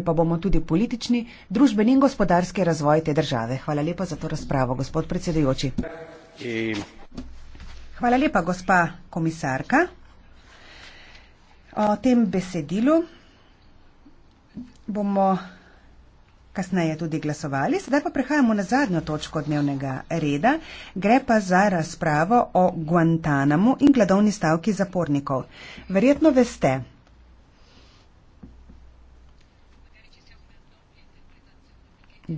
pa bomo tudi politični, družbeni in gospodarski razvoj te države. Hvala lepa za to razpravo, gospod predsedujoči. Hvala lepa, gospa komisarka. O tem besedilu bomo kasneje tudi glasovali. Sedaj pa prehajamo na zadnjo točko dnevnega reda. Gre pa za razpravo o Guantanamu in gladovni stavki zapornikov. Verjetno veste,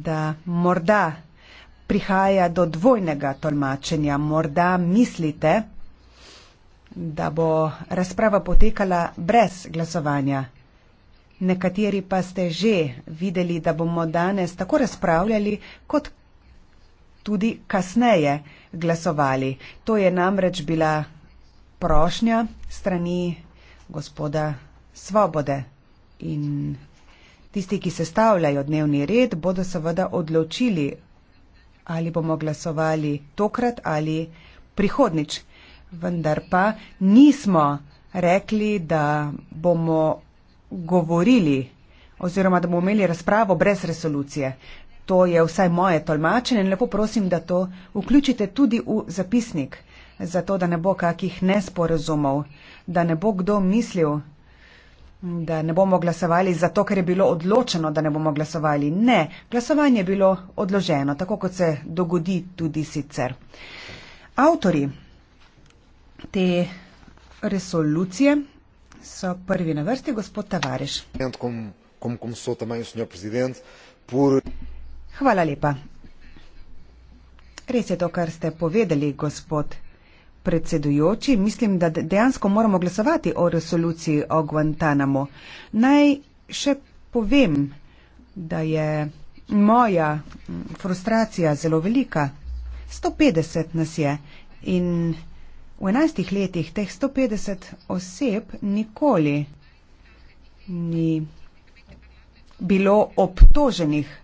da morda prihaja do dvojnega tolmačenja, morda mislite, da bo razprava potekala brez glasovanja. Nekateri pa ste že videli, da bomo danes tako razpravljali, kot tudi kasneje glasovali. To je namreč bila prošnja strani gospoda Svobode in Tisti, ki sestavljajo dnevni red, bodo seveda odločili, ali bomo glasovali tokrat ali prihodnič. Vendar pa nismo rekli, da bomo govorili oziroma da bomo imeli razpravo brez resolucije. To je vsaj moje tolmačenje in lepo prosim, da to vključite tudi v zapisnik, zato da ne bo kakih nesporazumov, da ne bo kdo mislil, da ne bomo glasovali zato, ker je bilo odločeno, da ne bomo glasovali. Ne, glasovanje je bilo odloženo, tako kot se dogodi tudi sicer. Avtori te resolucije so prvi na vrsti, gospod Tavareš. Hvala lepa. Res je to, kar ste povedali, gospod predsedujoči, mislim, da dejansko moramo glasovati o resoluciji o Guantanamo. Naj še povem, da je moja frustracija zelo velika. 150 nas je in v 11 letih teh 150 oseb nikoli ni bilo obtoženih.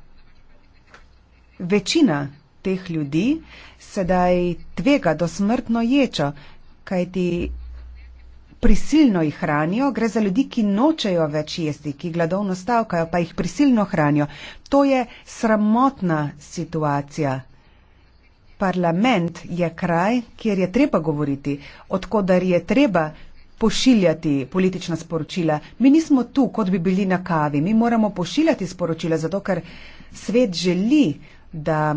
Večina teh ljudi sedaj tvega do smrtno ječo, kajti prisilno jih hranijo, gre za ljudi, ki nočejo več jesti, ki gladovno stavkajo, pa jih prisilno hranijo. To je sramotna situacija. Parlament je kraj, kjer je treba govoriti, odkudar je treba pošiljati politična sporočila. Mi nismo tu, kot bi bili na kavi, mi moramo pošiljati sporočila, zato ker svet želi, da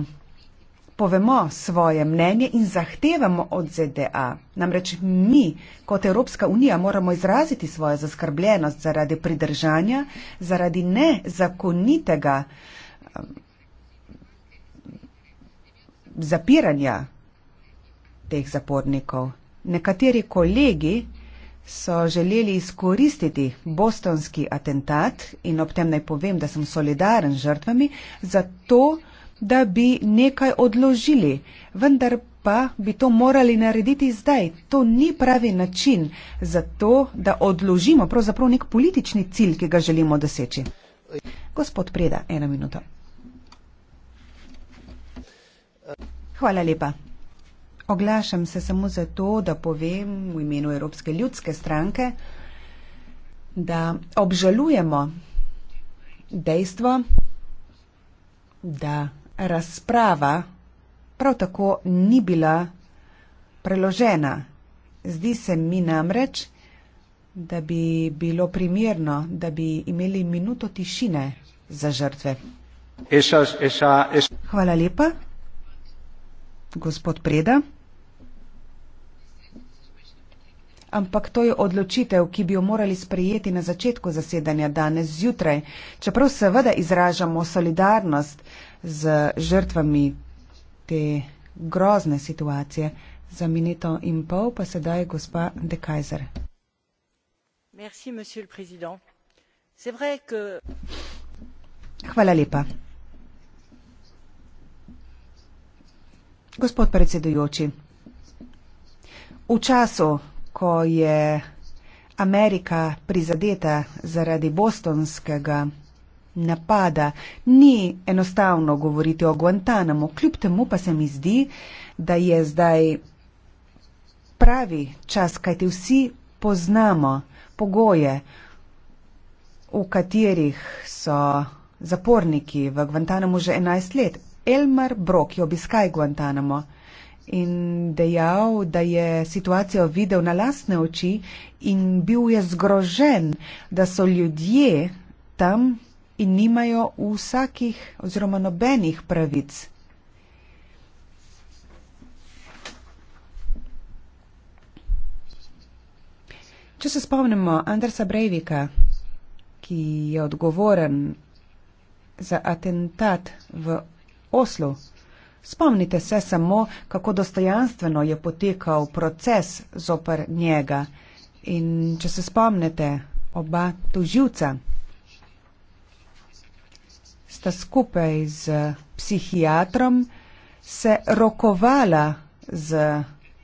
povemo svoje mnenje in zahtevamo od ZDA. Namreč mi, kot Evropska unija, moramo izraziti svojo zaskrbljenost zaradi pridržanja, zaradi nezakonitega um, zapiranja teh zapornikov. Nekateri kolegi so želeli izkoristiti bostonski atentat in ob tem naj povem, da sem solidaren z žrtvami, zato da bi nekaj odložili, vendar pa bi to morali narediti zdaj. To ni pravi način za to, da odložimo pravzaprav nek politični cilj, ki ga želimo doseči. Gospod Preda, ena minuta. Hvala lepa. Oglašam se samo zato, da povem v imenu Evropske ljudske stranke, da obžalujemo dejstvo, da razprava prav tako ni bila preložena. Zdi se mi namreč, da bi bilo primerno, da bi imeli minuto tišine za žrtve. Hvala lepa, gospod Preda. Ampak to je odločitev, ki bi jo morali sprejeti na začetku zasedanja danes zjutraj, čeprav seveda izražamo solidarnost z žrtvami te grozne situacije. Za minuto in pol pa sedaj gospa De Kajzer. Hvala lepa. Gospod predsedujoči, v času, ko je Amerika prizadeta zaradi bostonskega napada. Ni enostavno govoriti o Guantanamo, kljub temu pa se mi zdi, da je zdaj pravi čas, kajti vsi poznamo pogoje, v katerih so zaporniki v Guantanamo že 11 let. Elmar Brok je obiskal Guantanamo in dejal, da je situacijo videl na lastne oči in bil je zgrožen, da so ljudje tam in nimajo vsakih oziroma nobenih pravic. Če se spomnimo Andersa Breivika, ki je odgovoren za atentat v Oslu, spomnite se samo, kako dostojanstveno je potekal proces zoper njega. In če se spomnite oba tuživca, sta skupaj z psihiatrom se rokovala z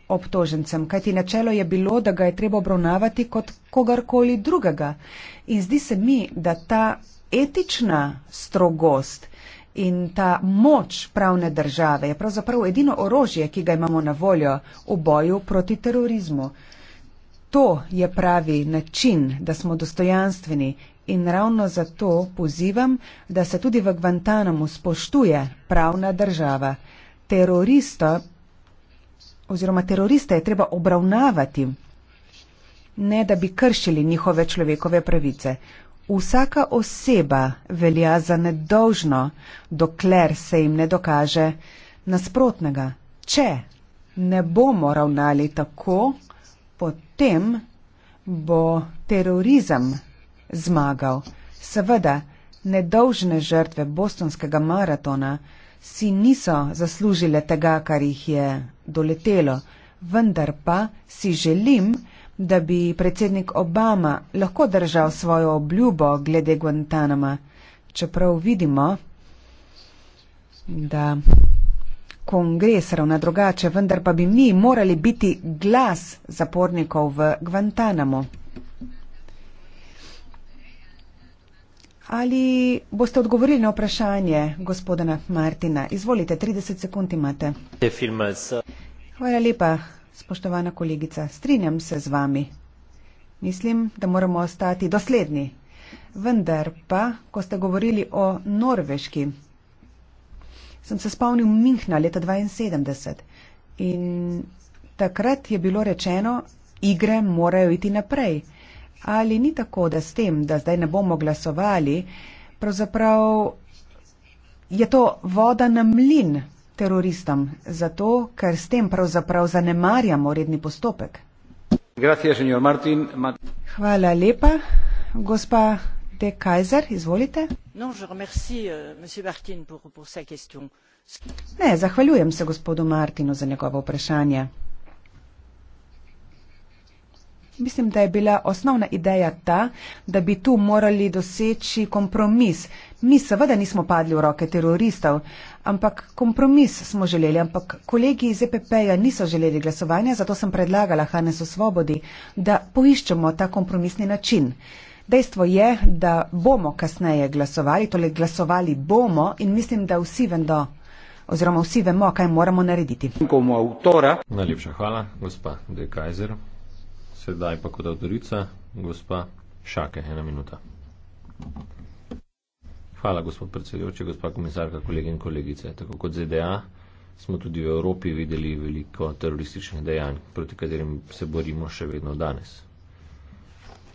obtožencem, kajti načelo je bilo, da ga je treba obravnavati kot kogarkoli drugega. In zdi se mi, da ta etična strogost in ta moč pravne države je pravzaprav edino orožje, ki ga imamo na voljo v boju proti terorizmu. To je pravi način, da smo dostojanstveni in ravno zato pozivam, da se tudi v Gvantanamu spoštuje pravna država. Terorista oziroma terorista je treba obravnavati, ne da bi kršili njihove človekove pravice. Vsaka oseba velja za nedolžno, dokler se jim ne dokaže nasprotnega. Če ne bomo ravnali tako, potem bo terorizem zmagal. Seveda, nedolžne žrtve bostonskega maratona si niso zaslužile tega, kar jih je doletelo, vendar pa si želim, da bi predsednik Obama lahko držal svojo obljubo glede Guantanama, čeprav vidimo, da kongres ravna drugače, vendar pa bi mi morali biti glas zapornikov v Guantanamo. Ali boste odgovorili na vprašanje gospodina Martina? Izvolite, 30 sekund imate. Eh, Hvala lepa, spoštovana kolegica. Strinjam se z vami. Mislim, da moramo ostati dosledni. Vendar pa, ko ste govorili o norveški sem se spomnil Minhna leta 1972 in takrat je bilo rečeno, igre morajo iti naprej. Ali ni tako, da s tem, da zdaj ne bomo glasovali, pravzaprav je to voda na mlin teroristom, zato ker s tem pravzaprav zanemarjamo redni postopek. Hvala lepa, gospa De Kaiser, izvolite. Euh, ne, zahvaljujem se gospodu Martinu za njegovo vprašanje. Mislim, da je bila osnovna ideja ta, da bi tu morali doseči kompromis. Mi seveda nismo padli v roke teroristov, ampak kompromis smo želeli, ampak kolegi iz EPP-ja niso želeli glasovanja, zato sem predlagala Hanesu Svobodi, da poiščemo ta kompromisni način. Dejstvo je, da bomo kasneje glasovali, torej glasovali bomo in mislim, da vsi vendo, oziroma vsi vemo, kaj moramo narediti. Najlepša hvala, gospa De Kajzer. Sedaj pa kot avtorica, gospa Šake, ena minuta. Hvala, gospod predsedujoči, gospa komisarka, kolegi in kolegice. Tako kot ZDA smo tudi v Evropi videli veliko terorističnih dejanj, proti katerim se borimo še vedno danes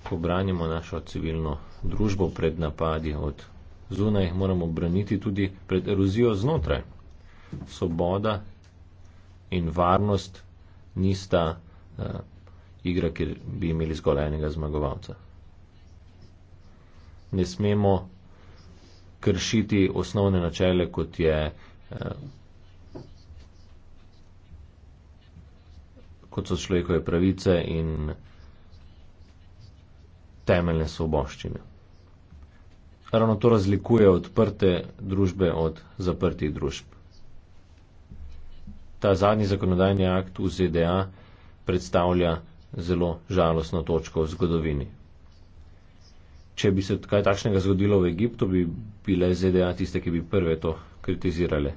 ko branimo našo civilno družbo pred napadi od zunaj, moramo braniti tudi pred erozijo znotraj. Svoboda in varnost nista uh, igra, kjer bi imeli zgolj enega zmagovalca. Ne smemo kršiti osnovne načele, kot je uh, kot so človekove pravice in temeljne svoboščine. Ravno to razlikuje odprte družbe od zaprtih družb. Ta zadnji zakonodajni akt v ZDA predstavlja zelo žalostno točko v zgodovini. Če bi se kaj takšnega zgodilo v Egiptu, bi bile ZDA tiste, ki bi prve to kritizirale.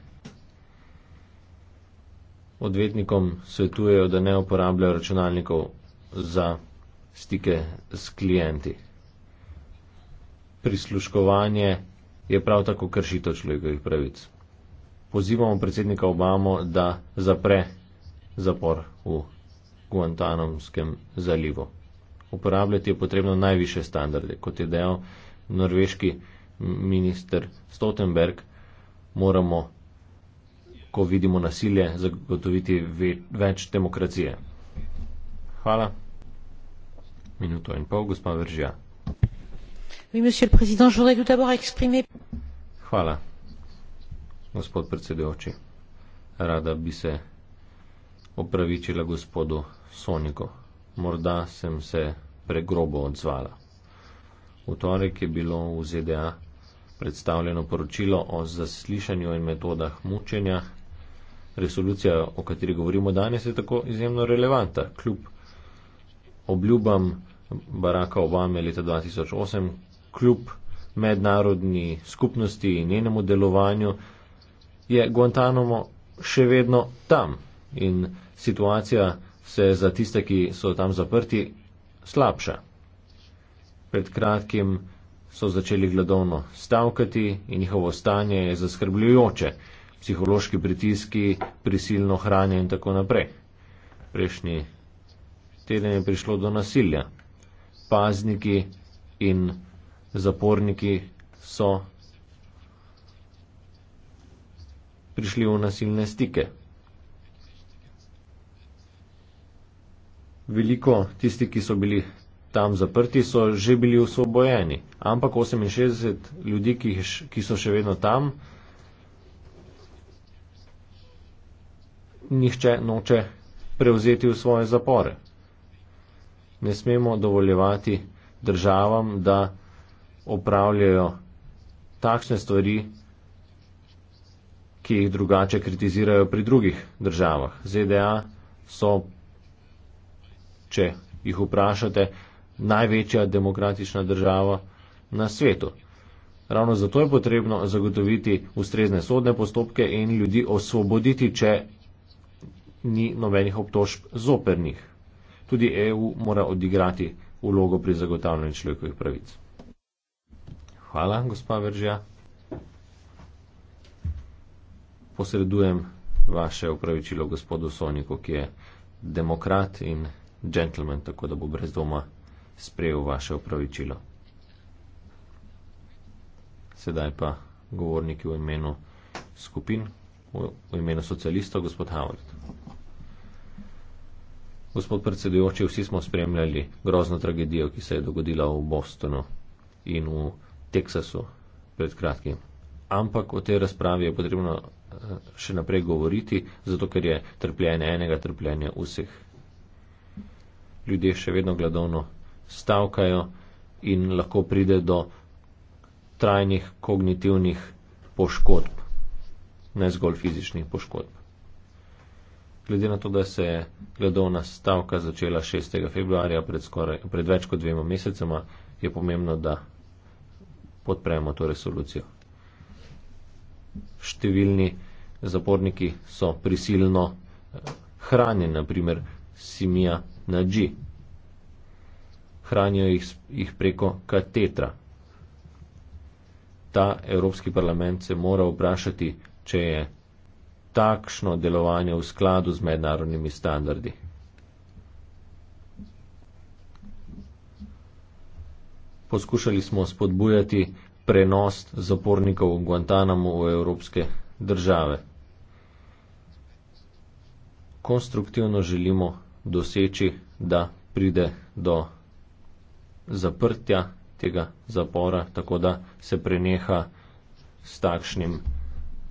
Odvetnikom svetujejo, da ne uporabljajo računalnikov za stike s klienti. Prisluškovanje je prav tako kršito človekovih pravic. Pozivamo predsednika Obamo, da zapre zapor v Guantanamskem zalivu. Uporabljati je potrebno najviše standarde, kot je dejal norveški minister Stoltenberg, moramo, ko vidimo nasilje, zagotoviti več demokracije. Hvala minuto in pol, gospa Veržija. Hvala, gospod predsedujoči. Rada bi se opravičila gospodu Soniko. Morda sem se pregrobo odzvala. V torek je bilo v ZDA predstavljeno poročilo o zaslišanju in metodah mučenja. Resolucija, o kateri govorimo danes, je tako izjemno relevanta. Kljub obljubam Baracka Obame leta 2008, kljub mednarodni skupnosti in njenemu delovanju, je Guantanamo še vedno tam in situacija se za tiste, ki so tam zaprti, slabša. Pred kratkim so začeli gladovno stavkati in njihovo stanje je zaskrbljujoče, psihološki pritiski, prisilno hranje in tako naprej. Prejšnji teden je prišlo do nasilja, pazniki in zaporniki so prišli v nasilne stike. Veliko tisti, ki so bili tam zaprti, so že bili usvobojeni, ampak 68 ljudi, ki so še vedno tam, nihče noče prevzeti v svoje zapore ne smemo dovoljevati državam, da opravljajo takšne stvari, ki jih drugače kritizirajo pri drugih državah. ZDA so, če jih vprašate, največja demokratična država na svetu. Ravno zato je potrebno zagotoviti ustrezne sodne postopke in ljudi osvoboditi, če ni nobenih obtožb zopernih tudi EU mora odigrati vlogo pri zagotavljanju človekovih pravic. Hvala, gospa Veržja. Posredujem vaše upravičilo gospodu Soniku, ki je demokrat in džentlmen, tako da bo brez doma sprejel vaše upravičilo. Sedaj pa govorniki v imenu skupin, v imenu socialistov, gospod Havard. Gospod predsedujoči, vsi smo spremljali grozno tragedijo, ki se je dogodila v Bostonu in v Teksasu pred kratkim. Ampak o tej razpravi je potrebno eh, še naprej govoriti, zato ker je trpljenje enega trpljenja vseh. Ljudje še vedno gladovno stavkajo in lahko pride do trajnih kognitivnih poškodb, ne zgolj fizičnih poškodb glede na to, da se je gledovna stavka začela 6. februarja pred, skoraj, pred več kot dvema mesecema, je pomembno, da podpremo to resolucijo. Številni zaporniki so prisilno eh, hranjeni, naprimer Simija Nadži. Hranijo jih, jih preko katetra. Ta Evropski parlament se mora vprašati, če je takšno delovanje v skladu z mednarodnimi standardi. Poskušali smo spodbujati prenos zapornikov v Guantanamo v evropske države. Konstruktivno želimo doseči, da pride do zaprtja tega zapora, tako da se preneha s takšnim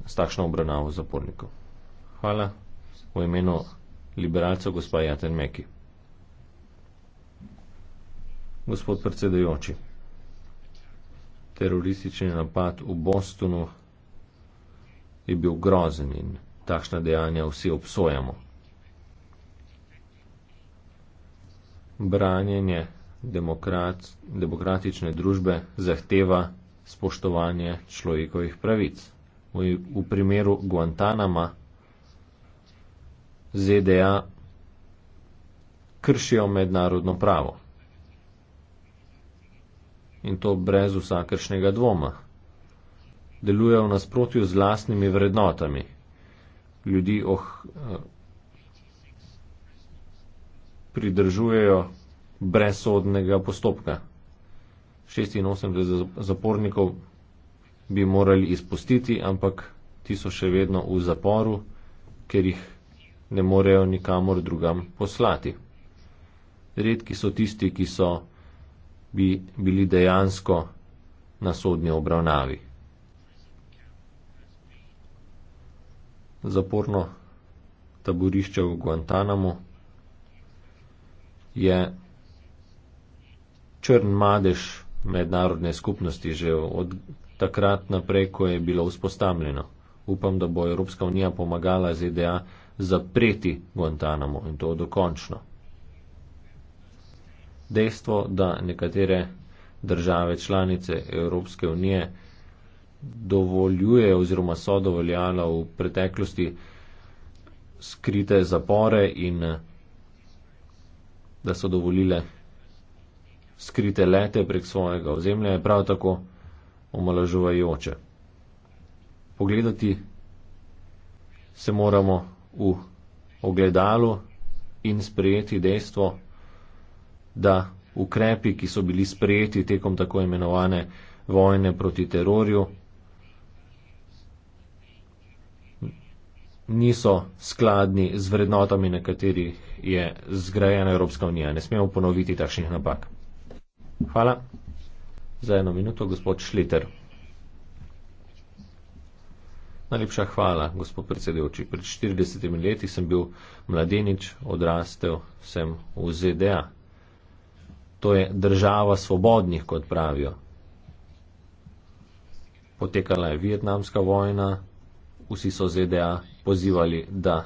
s takšno obravnavo zapornikov. Hvala v imenu liberalcev gospa Jaten Meki. Gospod predsedujoči, teroristični napad v Bostonu je bil grozen in takšna dejanja vsi obsojamo. Branjenje demokrat, demokratične družbe zahteva spoštovanje človekovih pravic v, v primeru Guantanama ZDA kršijo mednarodno pravo. In to brez vsakršnega dvoma. Delujejo v nasprotju z lastnimi vrednotami. Ljudi oh, eh, pridržujejo brez sodnega postopka. 86 zapornikov bi morali izpustiti, ampak ti so še vedno v zaporu, ker jih ne morejo nikamor drugam poslati. Redki so tisti, ki so bi bili dejansko na sodni obravnavi. Zaporno taborišče v Guantanamo je črn madež mednarodne skupnosti že od takrat naprej, ko je bilo vzpostavljeno. Upam, da bo Evropska unija pomagala ZDA zapreti Guantanamo in to dokončno. Dejstvo, da nekatere države članice Evropske unije dovoljuje oziroma so dovoljala v preteklosti skrite zapore in da so dovolile skrite lete prek svojega ozemlja je prav tako omalažujoče. Pogledati se moramo v ogledalu in sprejeti dejstvo, da ukrepi, ki so bili sprejeti tekom tako imenovane vojne proti terorju, niso skladni z vrednotami, na katerih je zgrajena Evropska unija. Ne smemo ponoviti takšnih napak. Hvala. Za eno minuto, gospod Šliter. Najlepša hvala, gospod predsedujoči. Pred 40 leti sem bil mladenič, odrastel sem v ZDA. To je država svobodnih, kot pravijo. Potekala je vietnamska vojna, vsi so ZDA pozivali, da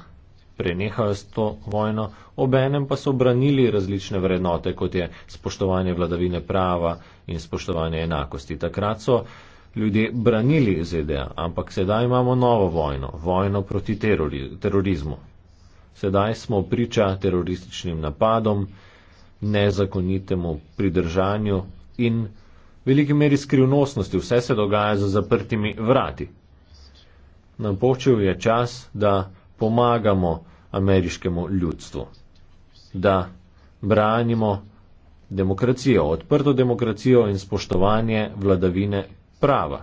prenehajo s to vojno, obenem pa so obranili različne vrednote, kot je spoštovanje vladavine prava in spoštovanje enakosti. Takrat so ljudje branili ZDA, ampak sedaj imamo novo vojno, vojno proti terorizmu. Sedaj smo priča terorističnim napadom, nezakonitemu pridržanju in veliki meri skrivnostnosti. Vse se dogaja za zaprtimi vrati. Napočil je čas, da pomagamo ameriškemu ljudstvu. Da branimo demokracijo, odprto demokracijo in spoštovanje vladavine prava.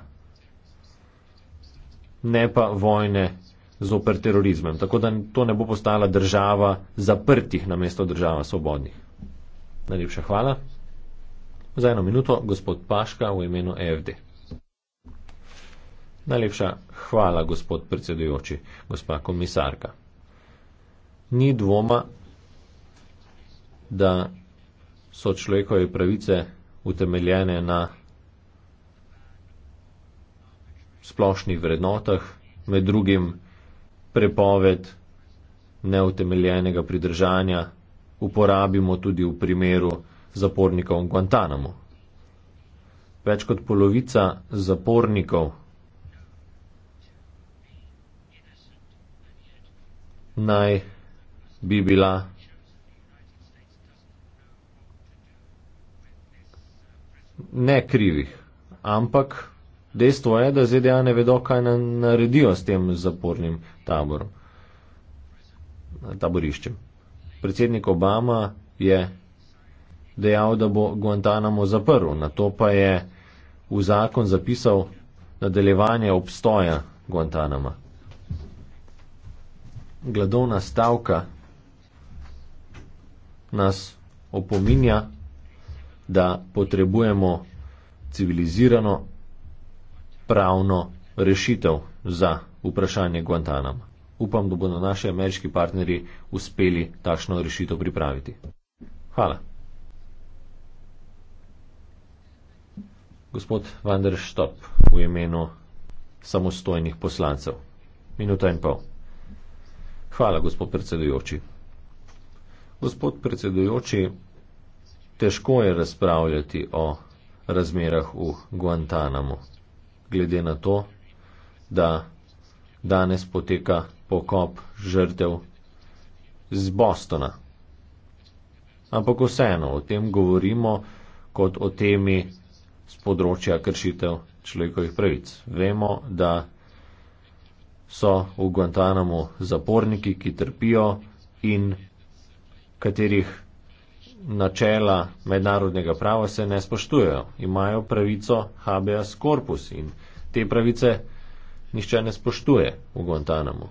Ne pa vojne zoper terorizmem. Tako da to ne bo postala država zaprtih na mesto država svobodnih. Najlepša hvala. Za eno minuto gospod Paška v imenu EFD. Najlepša hvala, gospod predsedujoči, gospa komisarka ni dvoma, da so človekove pravice utemeljene na splošnih vrednotah, med drugim prepoved neutemeljenega pridržanja uporabimo tudi v primeru zapornikov v Guantanamo. Več kot polovica zapornikov naj bi bila ne krivih, ampak dejstvo je, da ZDA ne vedo, kaj na, naredijo s tem zapornim taborom, taboriščem. Predsednik Obama je dejal, da bo Guantanamo zaprl, na to pa je v zakon zapisal nadaljevanje obstoja Guantanama. Gladovna stavka nas opominja, da potrebujemo civilizirano pravno rešitev za vprašanje Guantanama. Upam, da bodo naši ameriški partnerji uspeli takšno rešitev pripraviti. Hvala. Gospod Vander Štop v imenu samostojnih poslancev. Minuta in pol. Hvala, gospod predsedujoči. Gospod predsedujoči, težko je razpravljati o razmerah v Guantanamu, glede na to, da danes poteka pokop žrtev z Bostona. Ampak vseeno o tem govorimo kot o temi z področja kršitev človekovih pravic. Vemo, da so v Guantanamu zaporniki, ki trpijo in katerih načela mednarodnega prava se ne spoštujejo. Imajo pravico habeas corpus in te pravice nišče ne spoštuje v Guantanamo.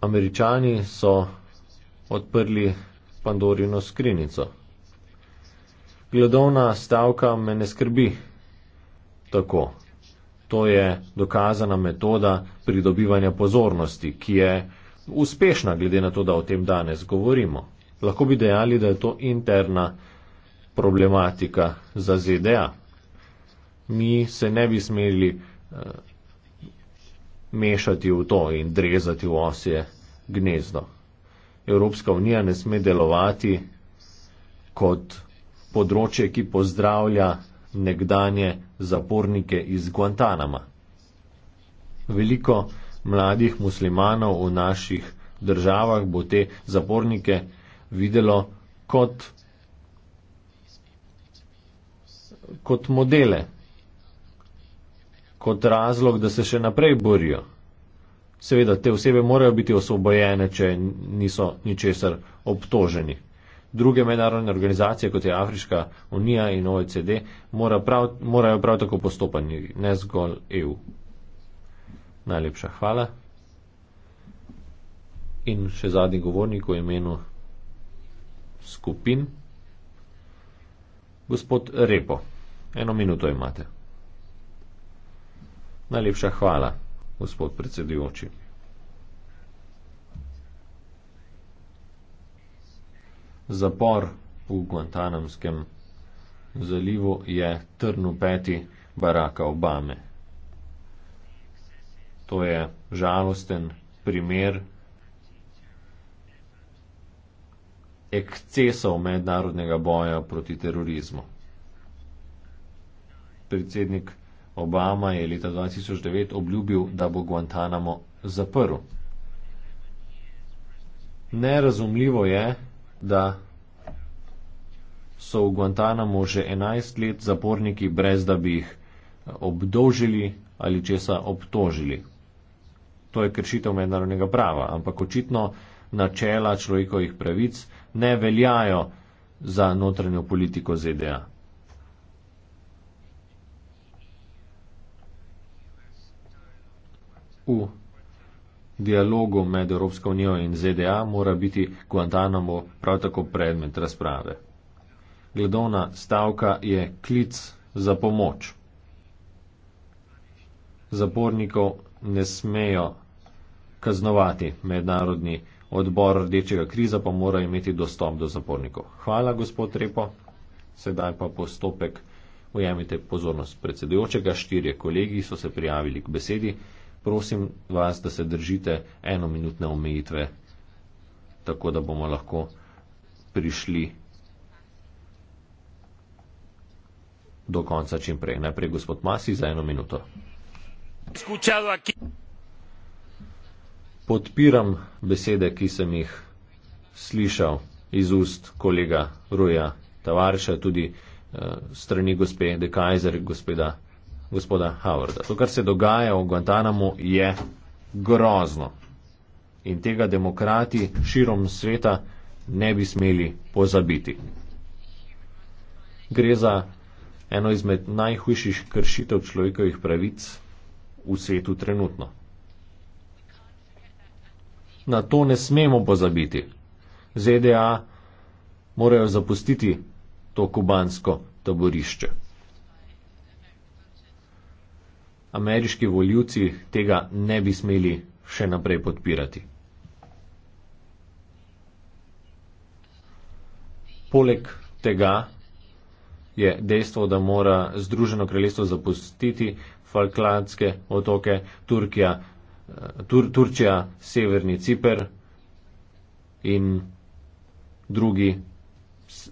Američani so odprli Pandorino skrinico. Gledovna stavka me ne skrbi tako. To je dokazana metoda pridobivanja pozornosti, ki je uspešna, glede na to, da o tem danes govorimo. Lahko bi dejali, da je to interna problematika za ZDA. Mi se ne bi smeli uh, mešati v to in drezati v osje gnezdo. Evropska unija ne sme delovati kot področje, ki pozdravlja nekdanje zapornike iz Guantanama. Veliko mladih muslimanov v naših državah bo te zapornike videlo kot, kot modele, kot razlog, da se še naprej borijo. Seveda, te osebe morajo biti osvobojene, če niso ničesar obtoženi. Druge mednarodne organizacije, kot je Afriška unija in OECD, mora prav, morajo prav tako postopati, ne zgolj EU. Najlepša hvala. In še zadnji govornik v imenu skupin. Gospod Repo, eno minuto imate. Najlepša hvala, gospod predsedujoči. Zapor v Guantanamskem zalivu je trn v peti Baracka Obame. To je žalosten primer ekscesov mednarodnega boja proti terorizmu. Predsednik Obama je leta 2009 obljubil, da bo Guantanamo zaprl. Nerazumljivo je, da so v Guantanamo že 11 let zaporniki, brez da bi jih obdožili ali česa obtožili to je kršitev mednarodnega prava, ampak očitno načela človekovih pravic ne veljajo za notranjo politiko ZDA. V dialogu med Evropsko unijo in ZDA mora biti Guantanamo prav tako predmet razprave. Gledovna stavka je klic za pomoč. Zapornikov ne smejo kaznovati. Mednarodni odbor Rdečega kriza pa mora imeti dostop do zapornikov. Hvala, gospod Repo. Sedaj pa postopek. Ujemite pozornost predsedujočega. Štirje kolegi so se prijavili k besedi. Prosim vas, da se držite enominutne omejitve, tako da bomo lahko prišli do konca čim prej. Najprej gospod Masi za eno minuto. Escuchado aquí podpiram besede, ki sem jih slišal iz ust kolega Roja Tavarša, tudi uh, strani gospe De Kaiser, gospoda, gospoda Howarda. To, kar se dogaja v Guantanamo, je grozno. In tega demokrati širom sveta ne bi smeli pozabiti. Gre za eno izmed najhujših kršitev človekovih pravic v svetu trenutno. Na to ne smemo pozabiti. ZDA morajo zapustiti to kubansko taborišče. Ameriški voljivci tega ne bi smeli še naprej podpirati. Poleg tega je dejstvo, da mora Združeno kraljestvo zapustiti Falklandske otoke, Turkija Tur Turčija, Severni Cipr in drugi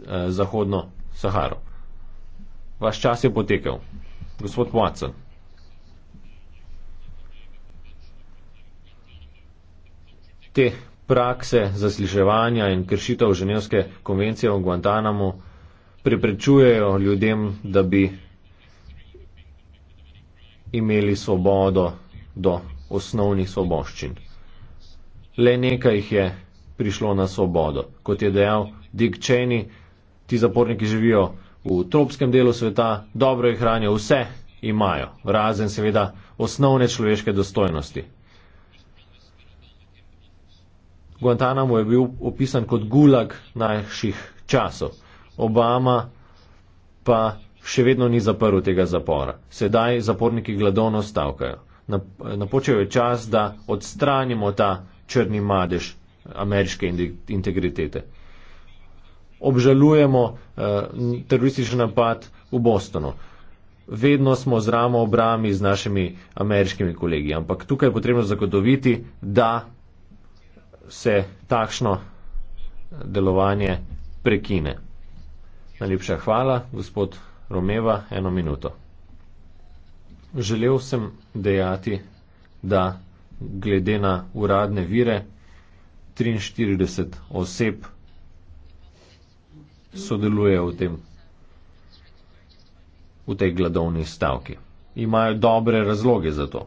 eh, Zahodno Saharo. Vaš čas je potekel. Gospod Watson. Te prakse zasliševanja in kršitev Ženevske konvencije o Guantanamo preprečujejo ljudem, da bi imeli svobodo do osnovnih svoboščin. Le nekaj jih je prišlo na svobodo. Kot je dejal Dick Cheney, ti zaporniki živijo v tropskem delu sveta, dobro jih hranijo, vse imajo, razen seveda osnovne človeške dostojnosti. Guantanamo je bil opisan kot gulag najših časov. Obama pa še vedno ni zaprl tega zapora. Sedaj zaporniki gladovno stavkajo napočejo čas, da odstranimo ta črni madež ameriške integritete. Obžalujemo eh, teroristični napad v Bostonu. Vedno smo z ramo obrami z našimi ameriškimi kolegi, ampak tukaj je potrebno zagotoviti, da se takšno eh, delovanje prekine. Najlepša hvala, gospod Romeva, eno minuto. Želel sem dejati, da glede na uradne vire 43 oseb sodeluje v tem, v tej gladovni stavki. Imajo dobre razloge za to.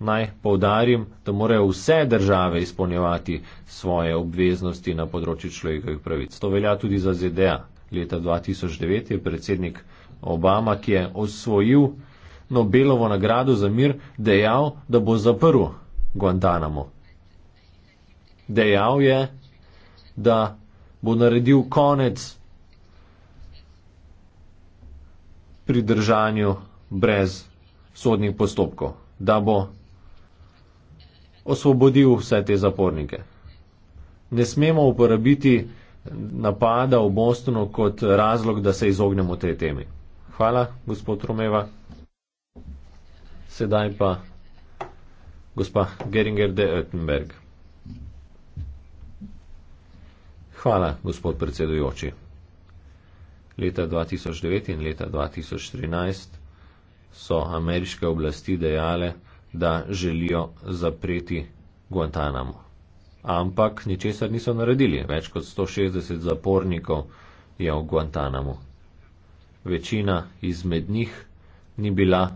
Naj povdarim, da morajo vse države izpolnjevati svoje obveznosti na področju človekovih pravic. To velja tudi za ZDA. Leta 2009 je predsednik Obama, ki je osvojil Nobelovo nagrado za mir dejal, da bo zaprl Guantanamo. Dejal je, da bo naredil konec pridržanju brez sodnih postopkov, da bo osvobodil vse te zapornike. Ne smemo uporabiti napada v Bostonu kot razlog, da se izognemo tej temi. Hvala, gospod Romeva. Sedaj pa gospa Geringer de Oettenberg. Hvala, gospod predsedujoči. Leta 2009 in leta 2013 so ameriške oblasti dejale, da želijo zapreti Guantanamo. Ampak ničesar niso naredili. Več kot 160 zapornikov je v Guantanamu. Večina izmed njih ni bila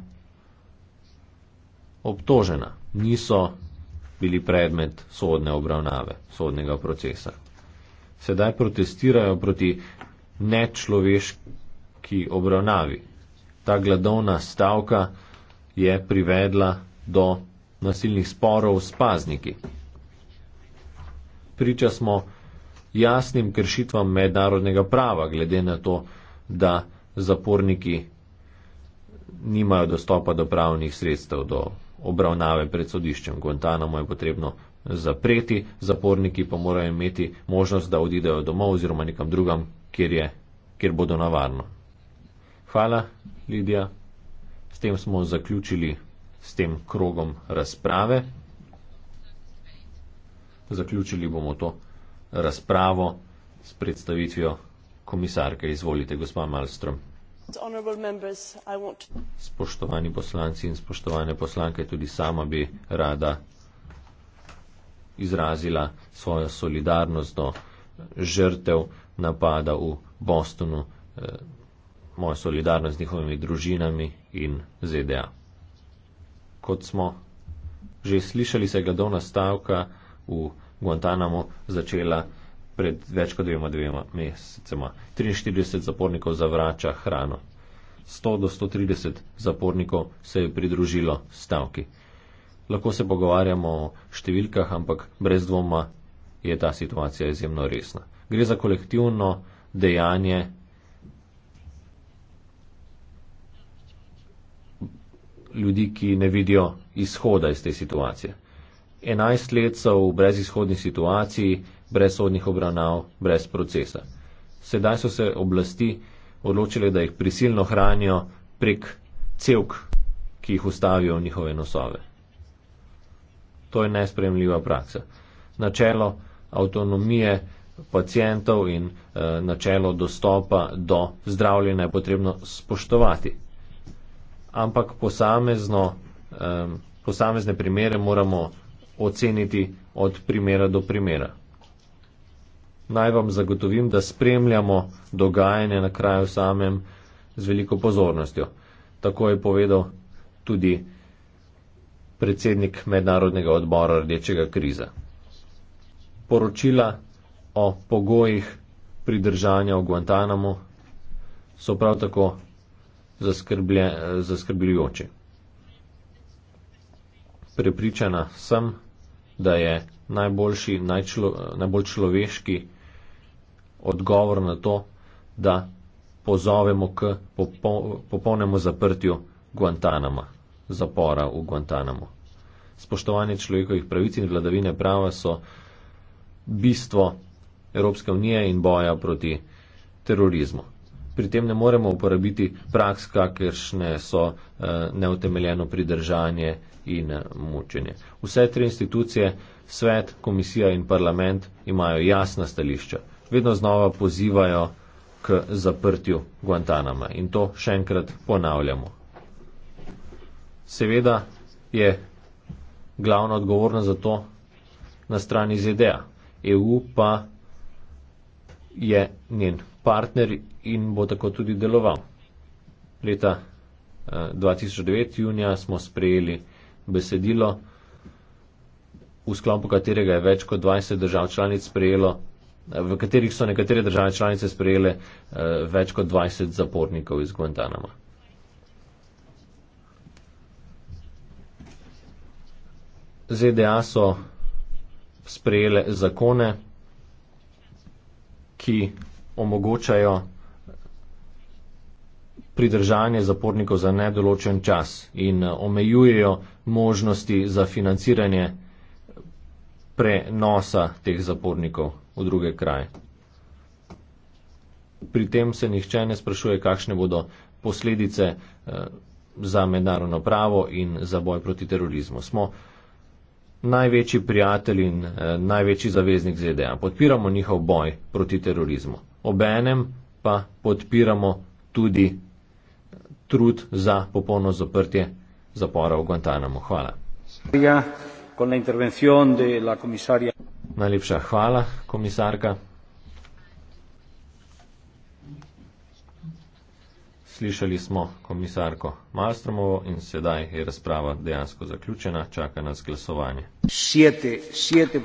obtožena, niso bili predmet sodne obravnave, sodnega procesa. Sedaj protestirajo proti nečloveški obravnavi. Ta gladovna stavka je privedla do nasilnih sporov s pazniki. Priča smo jasnim kršitvam mednarodnega prava, glede na to, da zaporniki nimajo dostopa do pravnih sredstev, do obravnave pred sodiščem. Guantanamo je potrebno zapreti, zaporniki pa morajo imeti možnost, da odidejo domov oziroma nekam drugam, kjer, je, kjer bodo navarno. Hvala, Lidija. S tem smo zaključili s tem krogom razprave. Zaključili bomo to razpravo s predstavitvijo komisarke. Izvolite, gospa Malstrom. Spoštovani poslanci in spoštovane poslanke, tudi sama bi rada izrazila svojo solidarnost do žrtev napada v Bostonu, eh, mojo solidarnost z njihovimi družinami in ZDA. Kot smo že slišali, se je gladovna stavka v Guantanamo začela pred več kot dvema, dvema mesecema. 43 zapornikov zavrača hrano. 100 do 130 zapornikov se je pridružilo stavki. Lahko se pogovarjamo o številkah, ampak brez dvoma je ta situacija izjemno resna. Gre za kolektivno dejanje ljudi, ki ne vidijo izhoda iz te situacije. 11 let so v brezizhodni situaciji, brez sodnih obravnav, brez procesa. Sedaj so se oblasti odločile, da jih prisilno hranijo prek cevk, ki jih ustavijo v njihove nosove. To je nespremljiva praksa. Načelo avtonomije pacijentov in e, načelo dostopa do zdravljenja je potrebno spoštovati. Ampak posamezno, e, posamezne primere moramo oceniti od primera do primera naj vam zagotovim, da spremljamo dogajanje na kraju samem z veliko pozornostjo. Tako je povedal tudi predsednik Mednarodnega odbora Rdečega kriza. Poročila o pogojih pridržanja v Guantanamo so prav tako zaskrbljujoče. Prepričana sem, da je najboljši, najčlo, najbolj človeški odgovor na to, da pozovemo k popolnemu zaprtju Guantanama, zapora v Guantanamo. Spoštovanje človekovih pravic in vladavine prava so bistvo Evropske unije in boja proti terorizmu. Pri tem ne moremo uporabiti praks, kakršne so eh, neutemeljeno pridržanje in eh, mučenje. Vse tri institucije, svet, komisija in parlament imajo jasna stališča vedno znova pozivajo k zaprtju Guantanama. In to še enkrat ponavljamo. Seveda je glavno odgovorno za to na strani ZDA. EU pa je njen partner in bo tako tudi deloval. Leta 2009 eh, junija smo sprejeli besedilo, v sklopu katerega je več kot 20 držav članic sprejelo v katerih so nekatere države članice sprejele eh, več kot 20 zapornikov iz Guantanama. ZDA so sprejele zakone, ki omogočajo pridržanje zapornikov za nedoločen čas in eh, omejujejo možnosti za financiranje prenosa teh zapornikov v druge kraje. Pri tem se nihče ne sprašuje, kakšne bodo posledice eh, za mednarodno pravo in za boj proti terorizmu. Smo največji prijatelj in eh, največji zaveznik ZDA. Podpiramo njihov boj proti terorizmu. Obenem pa podpiramo tudi eh, trud za popolno zaprtje zapora v Guantanamo. Hvala. Con la intervención de la comisaria. Najlepša hvala, komisarka. Slišali smo komisarko Malstromovo in sedaj je razprava dejansko zaključena, čaka nas glasovanje. Siete, siete